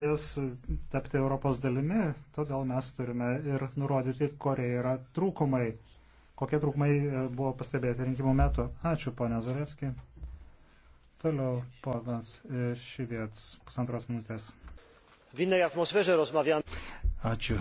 norės tapti Europos dalimi, todėl mes turime ir nurodyti, kurie yra trūkumai, kokie trūkumai e, buvo pastebėti rinkimų metu. Ačiū, ponia Zarevski. Toliau ponas e, Šivėts, pusantros minutės. Winnej atmosferze rozmawiamy. Ačiū.